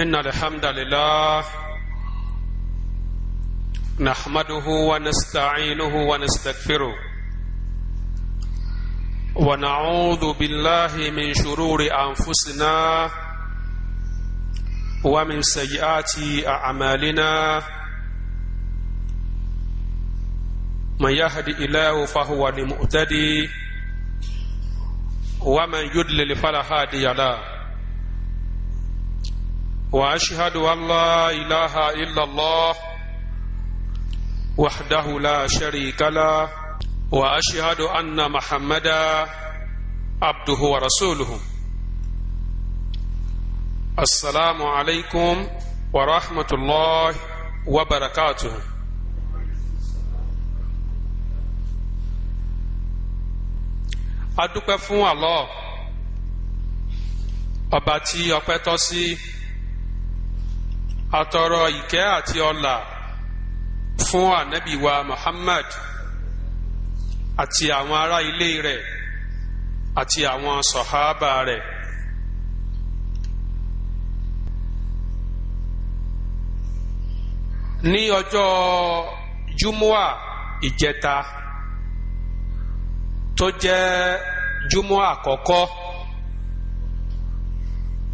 إن الحمد لله نحمده ونستعينه ونستغفره ونعوذ بالله من شرور أنفسنا ومن سيئات أعمالنا من يهد إله فهو لمؤتدي ومن يدلل فلا هادي له واشهد ان لا اله الا الله وحده لا شريك له واشهد ان محمدا عبده ورسوله السلام عليكم ورحمه الله وبركاته adúpẹ́ fún Allah ọba tí ọpẹ́ tọ́ sí. Si atọrọ ìkẹ́ àti ọlà fún ànábì wa Muhammad àti àwọn ará ilé rẹ̀ àti àwọn sọ̀hábà rẹ̀. ní ọjọ́ júmọ́à ìjẹta tó jẹ́ júmọ́à àkọ́kọ́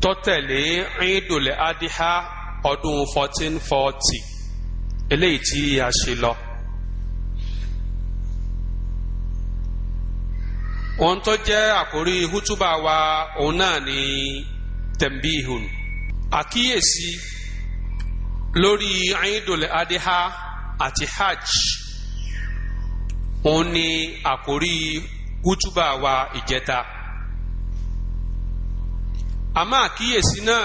tó tẹ̀lé Eidul Adha ọdún 1440 forty eléyìí tí a ṣe lọ. ohun tó jẹ́ àkórí hútúbà wa òun náà ni tẹ̀m̀bíhùn àkíyèsí lórí ayídòlè adéhà àti hajj òun ni àkórí hútúbà wa ìjẹta àmọ́ àkíyèsí náà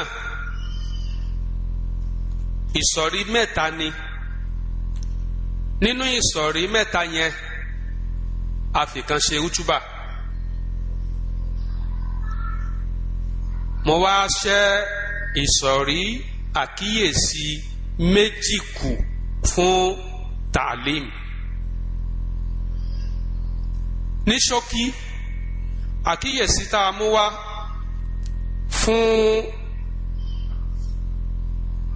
ìsọ̀rí mẹ́ta ni nínú ìsọ̀rí mẹ́ta yẹn àfikàn ṣe útúbà mo wá ṣẹ́ ìsọ̀rí àkíyèsí méjì kù fún tàlim ní ṣókí àkíyèsí tá a mú wá fún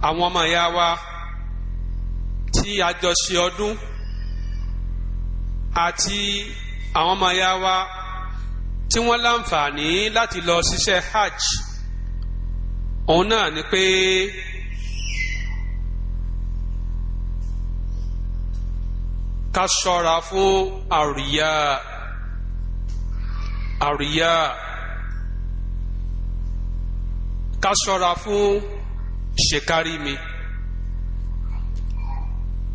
àwọn ọmọ ìyá wa tí a jọ ṣe ọdún àti àwọn ọmọ ìyá wa tí wọ́n láǹfààní láti lọ ṣiṣẹ́ hajj òun náà ni pé ká ṣọ́ra fún àríyá àríyá ká ṣọ́ra fún ṣèkárí mi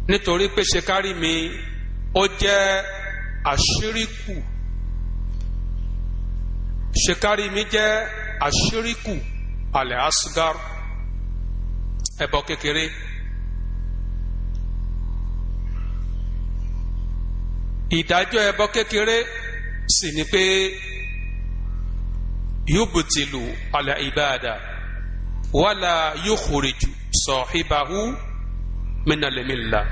nítorí pé ṣèkárí mi ó jẹ́ àṣíríkù ṣèkárí mi jẹ́ àṣíríkù alẹ́ asgar ẹ̀bọ kékeré. ìdájọ́ ẹ̀bọ kékeré sì ni pé yóò bùtìlù alẹ́ ìbáàdà wala yukhriju sahibahu minal milla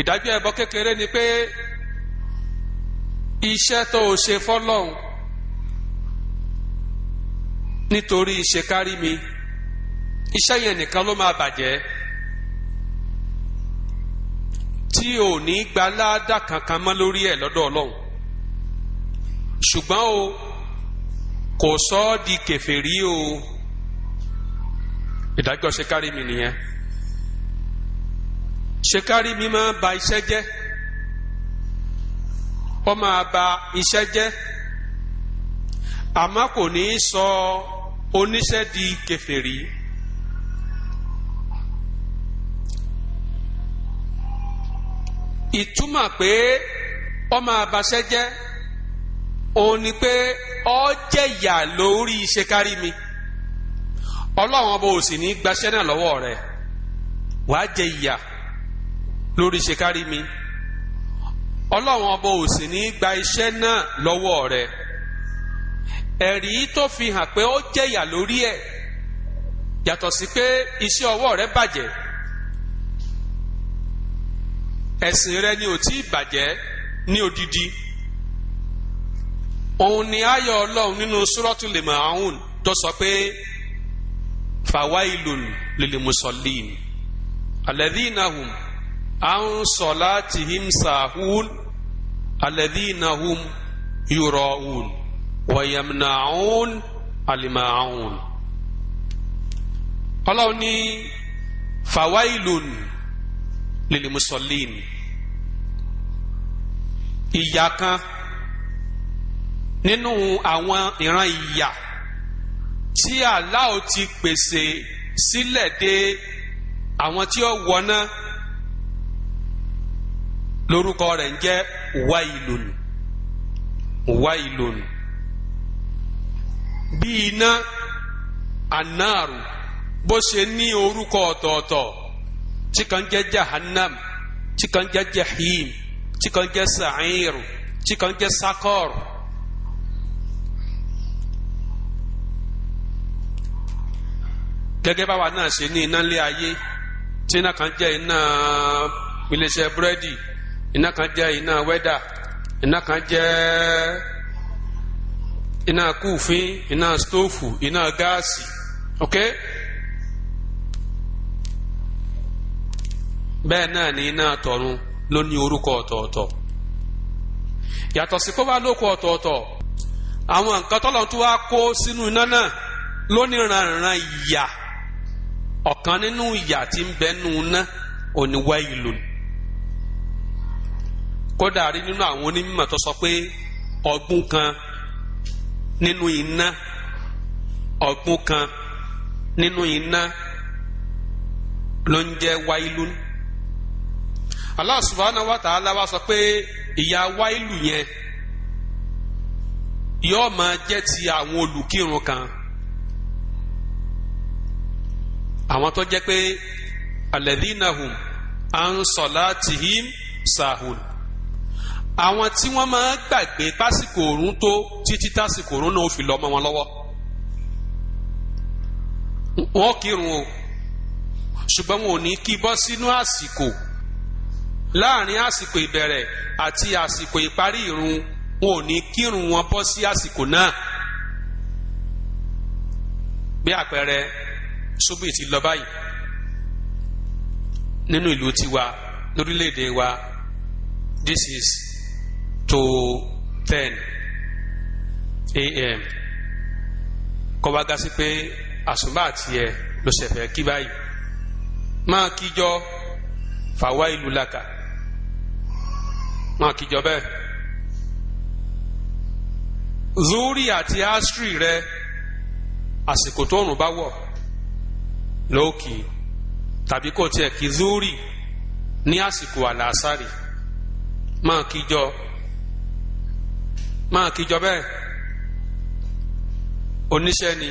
ìdájọ́ ẹbọ kékeré ni pé iṣẹ́ tó o ṣe fọ́lọ́hun nítorí ìṣekárí mi iṣẹ́ yẹn nìkan ló máa bàjẹ́ tí ò ní gba kankan mọ́ lórí ẹ̀ lọ́dọ̀ Ọlọ́run ṣùgbọ́n o kò sọ ọ́ di kèfèrí o ìdájọ́ ṣekárí mi nìyẹn ṣekárí mi máa ba iṣẹ́ jẹ́ ó máa ba iṣẹ́ jẹ́ àmọ́ kò ní í sọ oníṣẹ́ di kèfèrí. ìtumọ̀ pé ó máa baṣẹ́ jẹ́ òun ni pé ọ jẹ̀yà lórí iṣẹ́ kárí mi ọlọ́run ọba ò sì ní gbaṣẹ́ náà lọ́wọ́ rẹ̀ wàá jẹ ìyà lórí iṣẹ́ kárí mi ọlọ́run ọba ò sì ní gba iṣẹ́ náà lọ́wọ́ rẹ̀ ẹ̀rí tó fi hàn pé ó jẹ̀yà lórí ẹ̀ yàtọ̀ sí pé iṣẹ́ ọwọ́ rẹ̀ bàjẹ́ ẹ̀sìn rẹ̀ ni ò tí ì bàjẹ́ ní odidi òun ni ayọ̀ ọlọ́run nínú sùrọ́tù lè máa hùn tó sọ pé fawailun lil musallin alladhina hum an salatihim sahun alladhina hum yura'un wa yamna'un alima'un. ọlọ́run ní fawailun lil musallin ìyá kan nínú àwọn ìran ìyà tí Allah ti pèsè sílẹ̀ dé àwọn tí ó wọná lórúkọ rẹ̀ ń jẹ́ wailun wailun bí iná anáàrù bó ṣe ní orúkọ ọ̀tọ̀ọ̀tọ̀ tí kan jẹ́ jahannam tí kan jẹ́ jahim tí kan jẹ́ sa'ir tí kan jẹ́ sakor. gẹ́gẹ́ báwa náà ṣe ní iná lé ayé tí iná kan jẹ́ iná iléeṣẹ́ búrẹ́dì iná kan jẹ́ iná wẹ́dà iná kan jẹ́ iná kúfin iná stóòfù iná gáàsì ok bẹ́ẹ̀ náà ni iná tọ̀run ló ní orúkọ ọ̀tọ̀ọ̀tọ̀ yàtọ̀ sí kó lóko ọ̀tọ̀ọ̀tọ̀ àwọn nǹkan wá kó sínú iná náà Ọkan nínú ìyà tí ń bẹ nù ná oníwá ìlú kódà rí nínú àwọn onímọ̀ tó sọ pé ọgbùn kan nínú iná ọgbùn kan nínú iná ló ń jẹ́ wáìlú Allah subhanahu wa sọ pé ìyà wáìlú yẹn yọọ máa jẹ́ ti àwọn olùkírun kan. àwọn tó jẹ́ pé alẹ́dínàhùn an sọ̀látìhìm sahun àwọn tí wọ́n máa gbàgbé pásìkò òrùn tó títí tásìkò òrùn náà fi lọ mọ́ wọn lọ́wọ́ wọn kírun o ṣùgbọ́n wọn ò ní kí bọ́ sínú àsìkò láàrin àsìkò ìbẹ̀rẹ̀ àti àsìkò ìparí ìrun wọn ò ní kírun wọn bọ́ sí àsìkò náà bí àpẹẹrẹ ṣubú ti lọ báyìí nínú ìlú tiwa lórílẹ̀ wa this is to ten a.m. kọ́ wa gasi pé àsùnbà tiẹ̀ ló ṣẹ̀fẹ̀ kí báyìí máa kíjọ fàwa ìlú làkà máa kíjọ bẹ́ẹ̀ zuri àti asri rẹ àsìkò tó rùn bá wọ̀ lóòkì tàbí kò tiẹ̀ kí zúrì ní àsìkò àlàásàrì máa kíjọ máa kíjọ bẹ́ẹ̀ oníṣẹ́ ni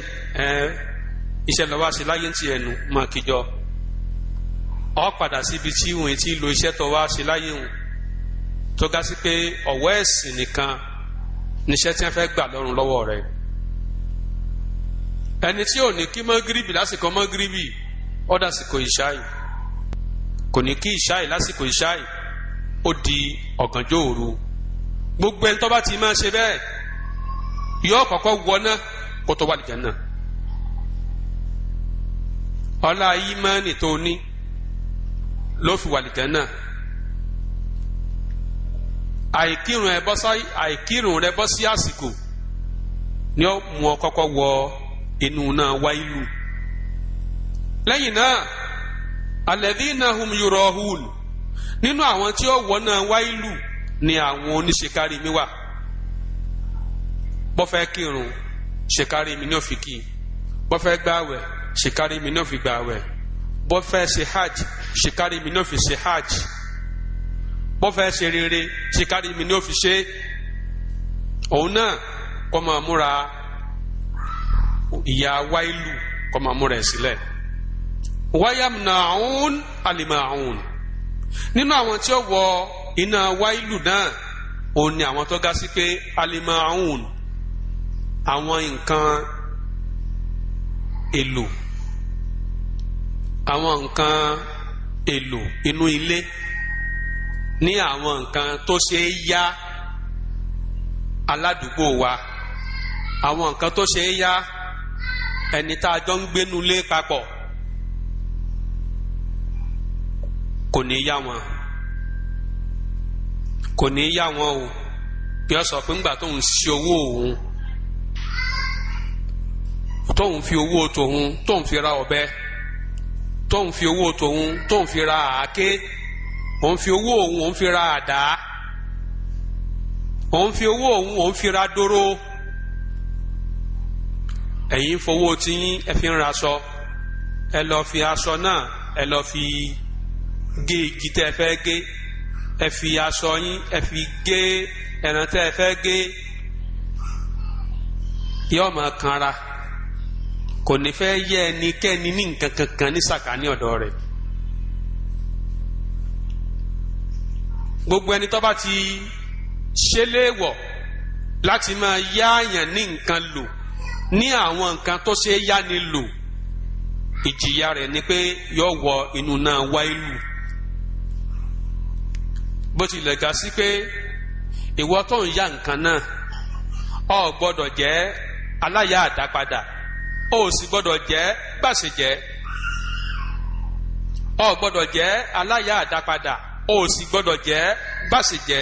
iṣẹ́ lọ́wọ́ àṣẹ láyé ti ẹnu máa kíjọ ọ padà síbi tí òun ti lo iṣẹ́ tó wá ṣe láyé òun tó ga sí pé ọ̀wọ́ ẹ̀sìn nìkan níṣẹ́ tí wọ́n fẹ́ gbà lọ́rùn lọ́wọ́ rẹ̀ ẹni tí ò ní kí mọ́gíríbì lásìkò mọ́gíríbì ó dàsìkò ìṣáì kò ní kí ìṣáì lásìkò ìṣáì ó di ọ̀gànjọ́ òru gbogbo ẹni tó bá ti máa ṣe bẹ́ẹ̀ yóò kọ́kọ́ wọná kó tó wà lìjẹ́ náà ọlá ìmánì tó ní ló fi wà lìjẹ́ náà àìkírun rẹ bọ́ sí àsìkò ni ó mú ọ kọ́kọ́ wọ inú náà wáìlú lẹ́yìn náà alladhina hum yurahun nínú àwọn tí ó wọ náà wáìlú ni àwọn oníṣekárí mi wà bọ́fẹ́ kírun ṣèkárí mi ní òfin kí bọ́fẹ́ gbààwẹ̀ ṣèkárí mi ní òfin gbààwẹ̀ bọ́fẹ́ ṣe hajj ṣèkárí mi ní òfin ṣe hajj bọ́fẹ́ ṣe rere ṣèkárí mi ní òfin ṣe òun náà kọ́ máa múra ìyá wáìlù kọ́ máa múra ẹ̀ sílẹ̀ wáyàmùnàún àlìmàún nínú àwọn tí ó wọ iná wáìlù náà òun ni àwọn tó ga sí pé àlìmàún àwọn nǹkan èlò àwọn nǹkan èlò inú ilé ní àwọn nǹkan tó ṣe é yá aládùúgbò wa àwọn nǹkan tó ṣe é yá ẹni tá a jọ ń gbénu lé papọ̀ kò ní yá wọn kò ní yá wọn o bí wọ́n sọ pé ńgbà tóun ṣe owó òun tóun fi owó tòun tóun fi ra ọ̀bẹ tóun fi owó tòun tóun fi ra àáké òun fi owó òun òun fi ra àdá òun fi owó òun òun fi ra dóró ẹ̀yin fowó tí ẹ fi ń raṣọ ẹ lọ fi aṣọ náà ẹ lọ fi gé igi tẹ́ ẹ fẹ́ gé ẹ fi aṣọ yín ẹ fi gé ẹran tẹ́ ẹ fẹ́ gé yóò máa kanra kò ní fẹ́ yẹ ẹnikẹ́ni ní nǹkan kankan ní sàkání ọ̀dọ̀ rẹ̀ gbogbo ẹni tó bá ti ṣe léèwọ̀ láti máa yáàyàn ní nǹkan lò ní àwọn nǹkan tó ṣe é yáni lò ìjìyà rẹ̀ ni pé yọ wọ inú náà wáìlù bó tilẹ̀ ga sí pé ìwọ tó ń ya nǹkan náà ọ gbọ́dọ̀ jẹ́ aláya àdápadà o sì gbọ́dọ̀ jẹ́ gbàṣẹjẹ ọ gbọ́dọ̀ jẹ́ aláya àdápadà o sì gbọ́dọ̀ jẹ́ gbàṣẹjẹ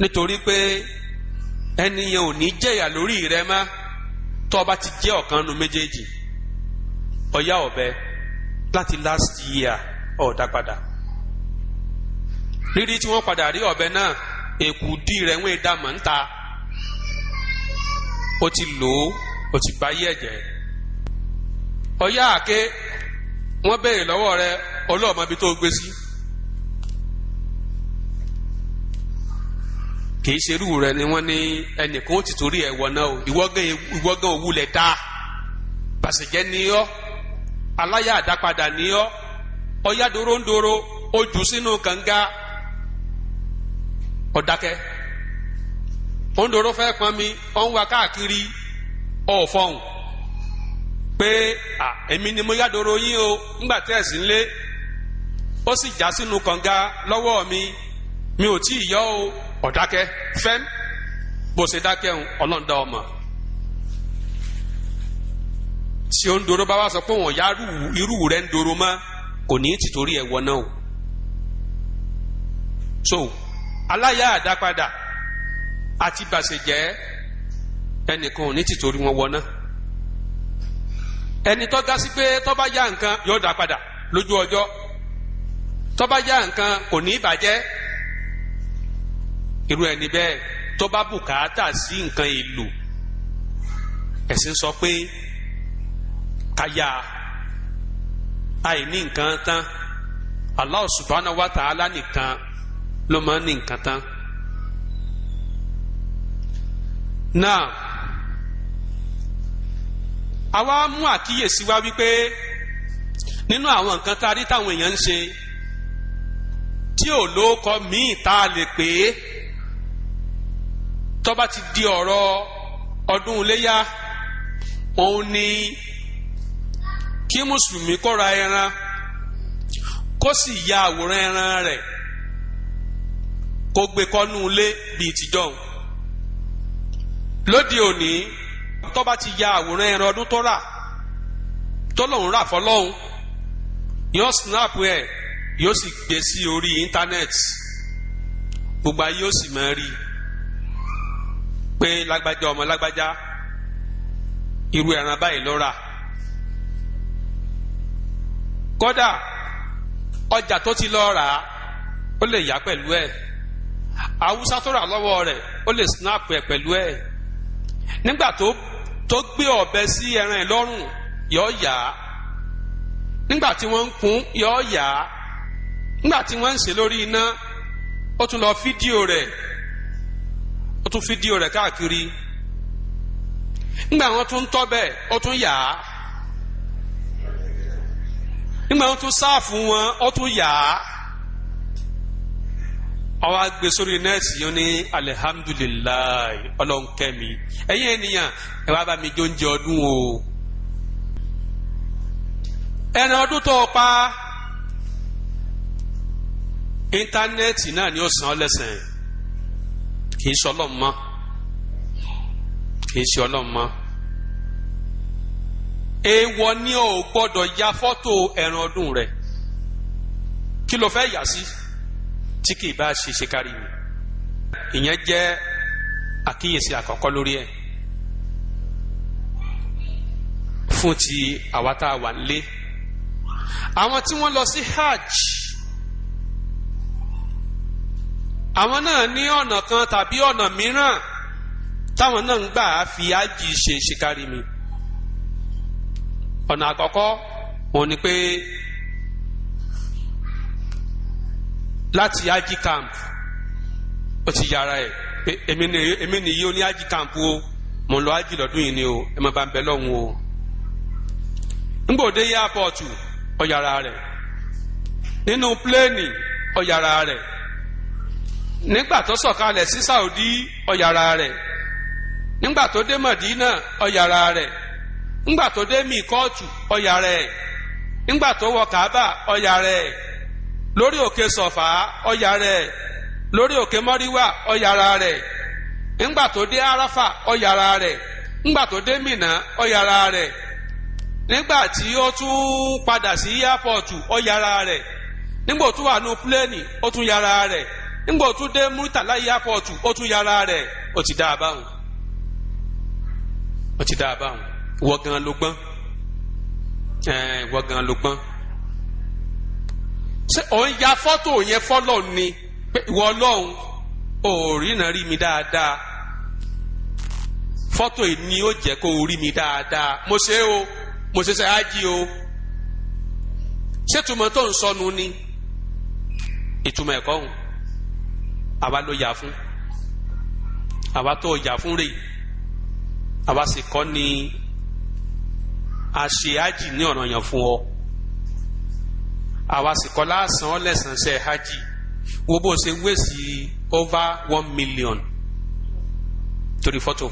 nítorí pé ẹni ò ní jẹ̀yà lórí rẹ mọ́. tó ọba ti jẹ́ ọ̀kan nu méjèèjì ọ̀yá ọ̀bẹ láti last year ọ̀dà padà rírí tí wọ́n padà rí ọ̀bẹ náà èkú dì rẹ̀ ń da mọ́ ń o ti lò ó o ti bá yí ẹ̀jẹ̀ ọ̀yá àké wọ́n béèrè lọ́wọ́ rẹ̀ ọlọ́ọ̀mọbi tó gbé sí. Si kì í ṣerú rẹ ni wọn ní ẹnìkan ó ti náà o òwúlẹ̀ dá pàṣẹjẹ́ ni ọ́ aláyà àdápadà ni ọ́ ọ̀yá dorondoro ojú sínú kànga ọ̀dákẹ́ ondoro fẹ́ pọn mi ọ ń wa káàkiri o ńgbà ń lé ó sì o. ọ̀dákẹ́ fẹ́m bó ṣe dákẹ́ ń ọlọ́ńdà ọmọ tí ó ń doro bá wá sọ pé wọn yá irú rẹ ń doro mọ́ kò ní tìtorí ẹ̀wọ̀ náà o so aláya àdápadà àti bàṣẹjẹ ẹnìkan ò ní tìtorí wọn wọ náà ẹni tó ga sí pé tó bá yá nǹkan yóò dá padà lójú ọjọ́ tó bá yá nǹkan kò ní ìbàjẹ́ irú ẹni bẹ́ẹ̀ tó bá bùkátà sí nǹkan èlò ẹ̀sìn sọ pé káyà àìní nǹkan tán Allah subhanahu wa ta'ala nìkan ló máa ń ní nǹkan tán. náà àwa mú àkíyèsí wá wípé nínú àwọn nǹkan tá a rí táwọn èèyàn ń ṣe tí ò lóko míì tá a lè pè é tó bá ti di ọ̀rọ̀ ọdún iléyà òun ni kí mùsùlùmí kó ẹran kó sì ya àwòrán ẹran rẹ̀ kó gbé kọ́nú ilé bíi tìjọ́hun lóde òní tó ti ya àwòrán ẹran ọdún tó rà tó lòun rà fọlọ́hun yóò snap ẹ̀ yóò sì gbé sí orí íńtánẹ́ẹ̀tì gbogbo ayé yóò sì máa rí i pé lágbájá ọmọ lágbájá irú ẹran báyìí ló kódà ọjà tó ti lọ rà á ó lè yá pẹ̀lú ẹ̀ awúsá tó rà lọ́wọ́ rẹ̀ ó lè snap ẹ̀ pẹ̀lú ẹ̀ nígbà tó tó gbé ọ̀bẹ sí ẹran ẹ̀ lọ́rùn yá nígbà tí wọ́n ń kún yá ó tún fídíò rẹ̀ káàkiri ńgbà wọn tún tọ́ bẹ́ẹ̀ ó tún yà á ńgbà wọn tún sáàfù wọn ó tún yà á àwa gbé sórí nẹ́ẹ̀sì ní alihamudulilayi ọlọ́nkẹ́mi ẹ̀yin ènìyàn ẹ wá bá mi jó ń jẹ ọdún o ẹran ọdún tó o pa íńtánẹ́ẹ̀tì náà ni ó san ọ́ lẹ́sẹ̀ kì í ṣe ọlọ́run mọ́ kì ṣe ọlọ́run mọ́ èèwọ̀ ni o gbọ́dọ̀ ya fọ́tò ẹran ọdún rẹ̀ kí ló fẹ́ yà sí tí kì í bá ṣe ṣe kárí mi ìyẹn jẹ́ àkíyèsí àkọ́kọ́ lórí ẹ̀ fún ti àwa tá a wà nílé àwọn tí wọ́n lọ sí hajj. àwọn náà ní ọ̀nà kan tàbí ọ̀nà mìíràn táwọn náà ń gbà á fi ájì ṣe ṣìkárí mi ọ̀nà àkọ́kọ́ òun ni pé láti ájì camp ó ti yára ẹ̀ pé èmi ó ní ájì camp o mo lọ ájì lọ́dún yìí ni o bá ń bẹ lọ́hùn o yẹ apọ̀tù ọ̀yàrá rẹ̀ nínú pléènì ọ̀yàrá rẹ̀ nígbà tó sọ̀kalẹ̀ sí Saudi ọ̀yàrá rẹ̀ nígbà tó dé Madina ọ̀yàrá rẹ̀ nígbà tó dé mikọ́ọ̀tù ọ̀yàrá ẹ̀ nígbà tó wọ Kaaba ọ̀yàrá ẹ̀ lórí òkè Sọ̀fà ọ̀yàrá ẹ̀ lórí òkè Mọ́ríwà ọ̀yàrá rẹ̀ nígbà tó dé Arafa ọ̀yàrá rẹ̀ nígbà tó dé Mina ọ̀yàrá rẹ̀ nígbà tí ó tún padà sí airport ọ̀yàrá rẹ̀ nígbà tó wà ní pléènì ó tún yàrá rẹ̀ ńgbà ó tún dé Murtala airport ó tún yára rẹ̀ ó ti dá a báwọn ó ti dá a báwọn wọ́n gan ló gbọ́n ẹ̀ẹ́n wọ́n gan ló gbọ́n ṣé ò ń ya fọ́tò yẹn fọ́lọ́ ni pé ìwọ ọlọ́run ò rínà rí mi dáadáa fọ́tò yìí ni ó jẹ́ kó rí mi dáadáa mo ṣe o mo ṣe ṣe ájì o ṣé ìtumọ̀ tó ń sọnù ni ìtumọ̀ ẹ̀kọ́ hùn àwa ló yà fún àwa tó yà fún rèé àwa sì kọ́ ni àṣe ájì ní ọ̀nà yàn fún ọ àwa sì kọ́ lásán ọlẹ́sàn ṣe ájì wo bó ṣe wéṣì over one million torí fọ́tò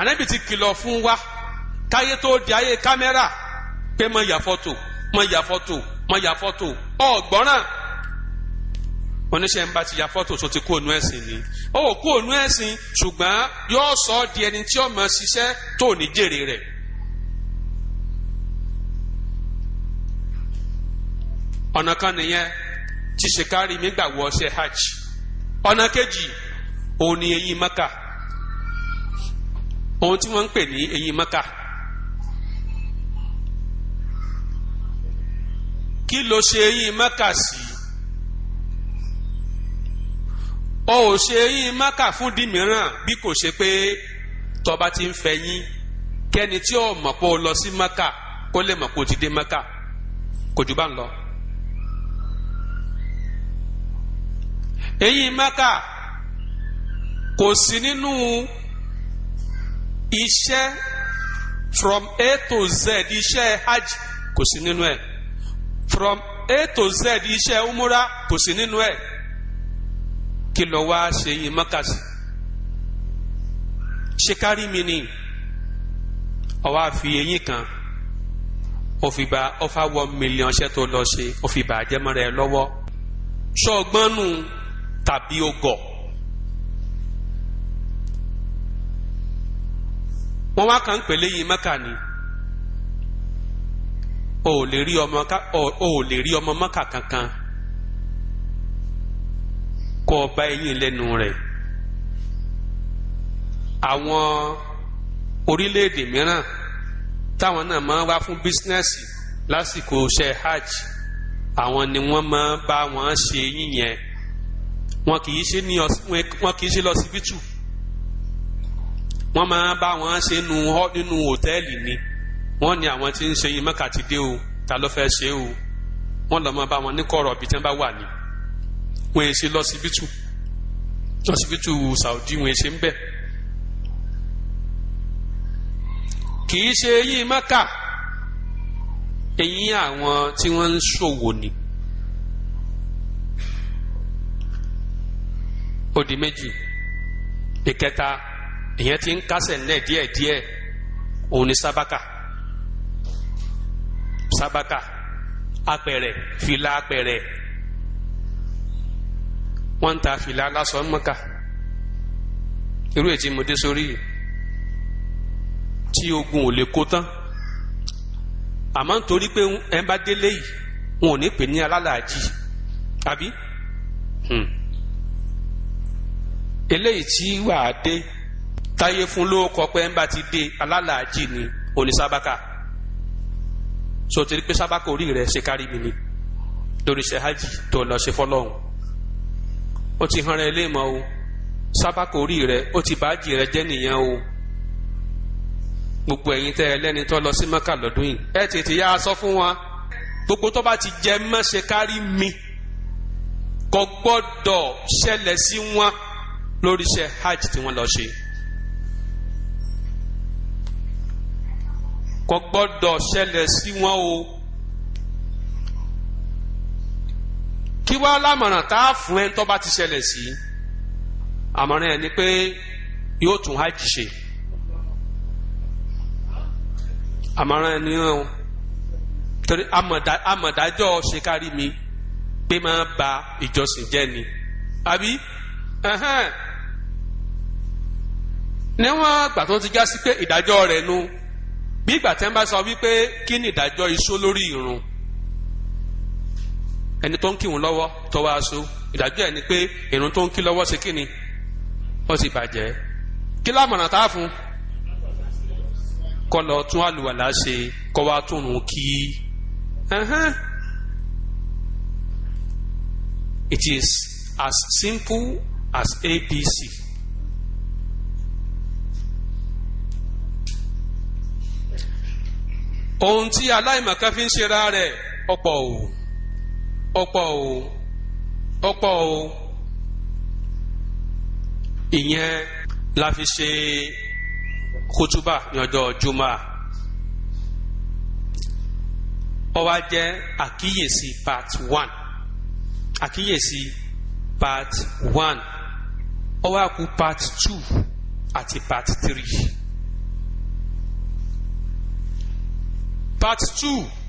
ànábì ti kìlọ̀ fún wa káyé tó di ayé kámẹ́rà pé má ya fọ́tò má ya fọ́tò má ya fọ́tò ọ̀gbọ́n náà oníṣẹ́ ń bá ti ya fọ́tò tó ti kó ònú ẹ̀sìn ni ó kó ònú ẹ̀sìn ṣùgbọ́n yóò sọ ọ́ di ẹni tí ó máa ṣiṣẹ́ tó ní jèrè rẹ̀. ọ̀nà kan nìyẹn tí ṣèkárí mi gbà wọ ọṣẹ hajj ọ̀nà kejì òun ni eyín maka ohun tí wọ́n ń pè ní eyín maka. kí ló ṣe eyín maka sí? Si? o ò ṣe eyín maka fún di mìíràn bí kò ṣe pé tọba ti ń fẹ́ yín kẹ́ni tí ó mọ̀ pé o lọ sí maka kó lè mọ̀ pé o ti dé maka kò jù bá ń lọ. eyín maka kò sí nínú iṣẹ́ from A to Z iṣẹ́ hajj kò sí nínú ẹ̀ from A to Z iṣẹ́ umura kò sí nínú ẹ̀ kí lọ wá ṣe yìí mọ́kàsí ṣe kárí mi ni ọwọ́ àfi eyín kan òfìbà ọfà wọ mílíọ̀n ṣẹ́ tó lọ ṣe òfìbà àjẹmọ́ra ẹ lọ́wọ́ ṣọ́ọ̀gbọ́nù tàbí ogọ̀ wọ́n wá kàn ń pèlè yìí mọ́kà ni o ò lè rí ọmọ mọ́kà kankan kọ́ ọ bá eyín lẹ́nu rẹ̀ àwọn orílẹ̀-èdè mìíràn táwọn náà máa wá fún bísínẹ́sì lásìkò iṣẹ́ hajj àwọn ni wọ́n máa bá wọn ṣe eyín yẹn wọn kì í ṣe ní wọn kì í ṣe lọ síbítù wọ́n máa bá wọn ṣe nínú hòtẹ́ẹ̀lì ni wọ́n ní àwọn tí ń ṣe yín mọ́kàtí dé o ta ló fẹ́ ṣe o wọ́n lọ́ máa bá wọn ní kọ̀rọ̀ bí tí wọ́n bá wà ní wọn èsì lọsibítù lọsibítù Saudi wọn èsì ń bẹ kì ṣe eyín Mẹ́kà eyín àwọn tí wọ́n ń ṣòwò ni ó méjì ìkẹta ìyẹn ti ń kásẹ̀ ńlẹ̀ díẹ̀díẹ̀ òun ni sábàkà sábàkà apẹ̀rẹ̀ fìlà apẹ̀rẹ̀ wọ́n ń ta fìlà aláṣọ mọ́kà irú ètí mo dé sórí yìí tí ogun ò lè kó tán àmọ́ nítorí pé ẹ bá délé yìí wọn ò ní pè ní alálàájì àbí hmm. eléyìí tí wàá dé táyé fún ló kọ pé ẹ bá ti dé alálàájì ni onísábàkà sotiri pé sábàkà orí rẹ̀ ṣe kárí mi ni lórí ṣe hajj tó lọ ṣe fọlọ́hún ó ti hàn rẹ léèmọ o sábàkórì rẹ ó ti báàjì rẹ jẹ́ nìyẹn o gbogbo ẹ̀yin tẹ́ ẹlẹ́ni tó lọ sí mẹ́kà lọ́dún yìí ẹ tètè yá a fún wa gbogbo tó bá ti jẹ mọ́ṣe kárí mi kò gbọ́dọ̀ ṣẹlẹ̀ sí wọn lórí iṣẹ́ hajj tí wọ́n lọ ṣe. kò gbọ́dọ̀ ṣẹlẹ̀ sí wọn o. kí wá lámọ̀ràn tá a fún ẹ tó bá ti ṣẹlẹ̀ sí àmọ̀ràn ẹ ni pé yóò tún hajj ṣe àmọ̀ràn ẹ ni ó torí amọ̀dájọ́ ṣe kárí mi pé máa ba ìjọsìn jẹ́ ni àbí níwọ̀n àgbà tó ti já sí pé ìdájọ́ rẹ̀ nu bí ìgbà tí wọ́n bá sọ wípé kí ni ìdájọ́ iṣó lórí ìrun ẹni tó ń kírun lọ́wọ́ tó wá aṣọ ìdájọ́ ẹ̀ ni pé ìrun tó ń kí lọ́wọ́ ṣe kí ni ó sì bàjẹ́ kí lámọ̀nà tá a fún kọ́ lọ tún àlùwàlá ṣe kọ́ wá tún un kí it is as simple as ABC. ohun tí aláìmọ̀kan fi ń ṣera rẹ̀ ọ̀pọ̀ o. ọ̀pọ̀ o ọ̀pọ̀ o ìyẹn la fi ṣe kútúbà ní ọjọ́ juma ó wá jẹ́ àkíyèsí part one àkíyèsí part one ó wá kù part two àti part three part two.